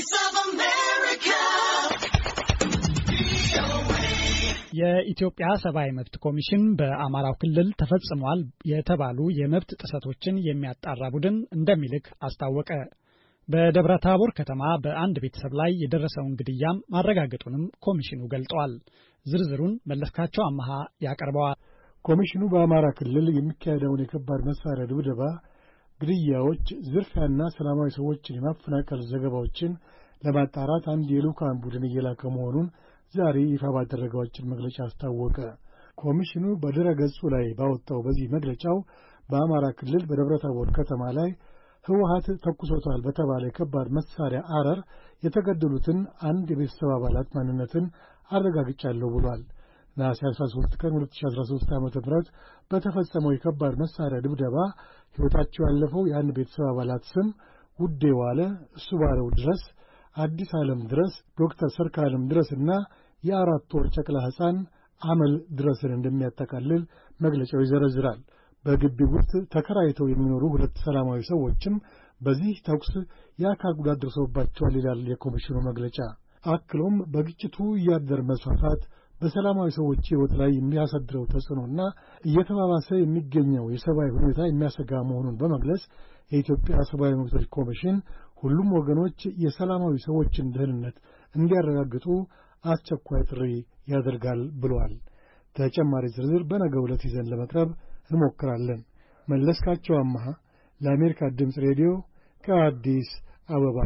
Voice of America. የኢትዮጵያ ሰብአዊ መብት ኮሚሽን በአማራው ክልል ተፈጽሟል የተባሉ የመብት ጥሰቶችን የሚያጣራ ቡድን እንደሚልክ አስታወቀ። በደብረ ታቦር ከተማ በአንድ ቤተሰብ ላይ የደረሰውን ግድያም ማረጋገጡንም ኮሚሽኑ ገልጧል። ዝርዝሩን መለስካቸው አመሃ ያቀርበዋል። ኮሚሽኑ በአማራ ክልል የሚካሄደውን የከባድ መሳሪያ ድብደባ ግድያዎች፣ ዝርፊያና ሰላማዊ ሰዎችን የማፈናቀል ዘገባዎችን ለማጣራት አንድ የልዑካን ቡድን እየላከ መሆኑን ዛሬ ይፋ ባደረገዎችን መግለጫ አስታወቀ። ኮሚሽኑ በድረ ገጹ ላይ ባወጣው በዚህ መግለጫው በአማራ ክልል በደብረ ታቦር ከተማ ላይ ህወሀት ተኩሶታል በተባለ የከባድ መሳሪያ አረር የተገደሉትን አንድ የቤተሰብ አባላት ማንነትን አረጋግጫለሁ ብሏል። ነሐሴ 13 ቀን 2013 ዓ ም በተፈጸመው የከባድ መሳሪያ ድብደባ ሕይወታቸው ያለፈው የአንድ ቤተሰብ አባላት ስም ውዴ ዋለ፣ እሱ ባለው ድረስ፣ አዲስ ዓለም ድረስ፣ ዶክተር ሰርካለም ድረስና የአራት ወር ጨቅላ ሕፃን አመል ድረስን እንደሚያጠቃልል መግለጫው ይዘረዝራል። በግቢ ውስጥ ተከራይተው የሚኖሩ ሁለት ሰላማዊ ሰዎችም በዚህ ተኩስ የአካል ጉዳት ደርሶባቸዋል ይላል የኮሚሽኑ መግለጫ። አክሎም በግጭቱ እያደር መስፋፋት በሰላማዊ ሰዎች ሕይወት ላይ የሚያሳድረው ተጽዕኖና እየተባባሰ የሚገኘው የሰብአዊ ሁኔታ የሚያሰጋ መሆኑን በመግለጽ የኢትዮጵያ ሰብአዊ መብቶች ኮሚሽን ሁሉም ወገኖች የሰላማዊ ሰዎችን ደህንነት እንዲያረጋግጡ አስቸኳይ ጥሪ ያደርጋል ብሏል። ተጨማሪ ዝርዝር በነገ ዕለት ይዘን ለመቅረብ እንሞክራለን። መለስካቸው አማሃ ለአሜሪካ ድምፅ ሬዲዮ ከአዲስ አበባ